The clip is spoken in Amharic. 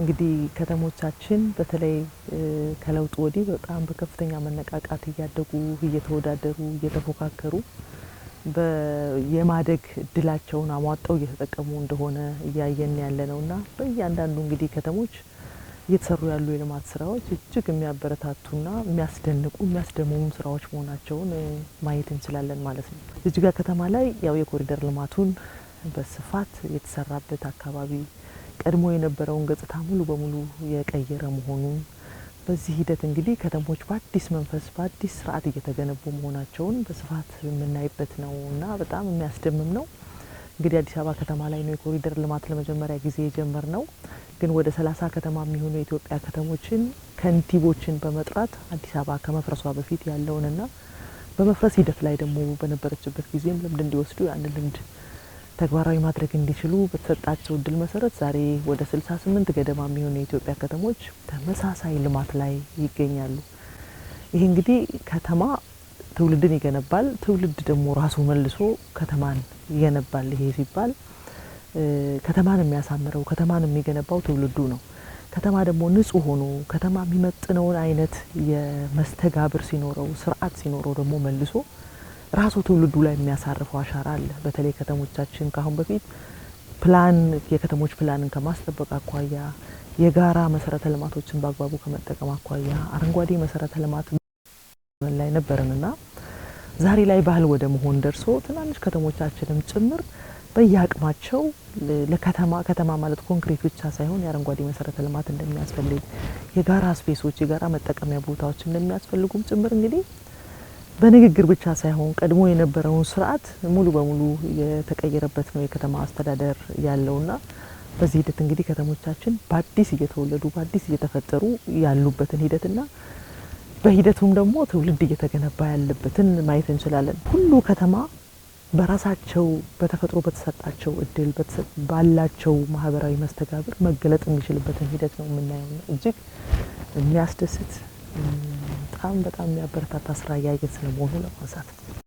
እንግዲህ ከተሞቻችን በተለይ ከለውጥ ወዲህ በጣም በከፍተኛ መነቃቃት እያደጉ እየተወዳደሩ እየተፎካከሩ የማደግ እድላቸውን አሟጠው እየተጠቀሙ እንደሆነ እያየን ያለ ነው እና በእያንዳንዱ እንግዲህ ከተሞች እየተሰሩ ያሉ የልማት ስራዎች እጅግ የሚያበረታቱና የሚያስደንቁ የሚያስደምሙም ስራዎች መሆናቸውን ማየት እንችላለን ማለት ነው። እጅጋ ከተማ ላይ ያው የኮሪደር ልማቱን በስፋት የተሰራበት አካባቢ ቀድሞ የነበረውን ገጽታ ሙሉ በሙሉ የቀየረ መሆኑን በዚህ ሂደት እንግዲህ ከተሞች በአዲስ መንፈስ በአዲስ ስርዓት እየተገነቡ መሆናቸውን በስፋት የምናይበት ነው እና በጣም የሚያስደምም ነው። እንግዲህ አዲስ አበባ ከተማ ላይ ነው የኮሪደር ልማት ለመጀመሪያ ጊዜ የጀመር ነው። ግን ወደ ሰላሳ ከተማ የሚሆኑ የኢትዮጵያ ከተሞችን ከንቲቦችን በመጥራት አዲስ አበባ ከመፍረሷ በፊት ያለውንና በመፍረስ ሂደት ላይ ደግሞ በነበረችበት ጊዜም ልምድ እንዲወስዱ ያን ልምድ ተግባራዊ ማድረግ እንዲችሉ በተሰጣቸው እድል መሰረት ዛሬ ወደ 68 ገደማ የሚሆኑ የኢትዮጵያ ከተሞች ተመሳሳይ ልማት ላይ ይገኛሉ። ይህ እንግዲህ ከተማ ትውልድን ይገነባል፣ ትውልድ ደግሞ ራሱ መልሶ ከተማን ይገነባል። ይሄ ሲባል ከተማን የሚያሳምረው ከተማን የሚገነባው ትውልዱ ነው። ከተማ ደግሞ ንጹህ ሆኖ ከተማ የሚመጥነውን አይነት የመስተጋብር ሲኖረው ስርዓት ሲኖረው ደግሞ መልሶ ራሱ ትውልዱ ላይ የሚያሳርፈው አሻራ አለ። በተለይ ከተሞቻችን ከአሁን በፊት ፕላን የከተሞች ፕላንን ከማስጠበቅ አኳያ፣ የጋራ መሰረተ ልማቶችን በአግባቡ ከመጠቀም አኳያ አረንጓዴ መሰረተ ልማት ላይ ነበረንና ዛሬ ላይ ባህል ወደ መሆን ደርሶ ትናንሽ ከተሞቻችንም ጭምር በየአቅማቸው ለከተማ ከተማ ማለት ኮንክሪት ብቻ ሳይሆን የአረንጓዴ መሰረተ ልማት እንደሚያስፈልግ የጋራ ስፔሶች፣ የጋራ መጠቀሚያ ቦታዎች እንደሚያስፈልጉም ጭምር እንግዲህ በንግግር ብቻ ሳይሆን ቀድሞ የነበረውን ስርዓት ሙሉ በሙሉ የተቀየረበት ነው የከተማ አስተዳደር ያለውና በዚህ ሂደት እንግዲህ ከተሞቻችን በአዲስ እየተወለዱ በአዲስ እየተፈጠሩ ያሉበትን ሂደትና በሂደቱም ደግሞ ትውልድ እየተገነባ ያለበትን ማየት እንችላለን። ሁሉ ከተማ በራሳቸው በተፈጥሮ በተሰጣቸው እድል ባላቸው ማህበራዊ መስተጋብር መገለጥ የሚችልበትን ሂደት ነው የምናየው። እጅግ የሚያስደስት በጣም በጣም የሚያበረታታ ስራ እያየን ስለመሆኑ ለማንሳት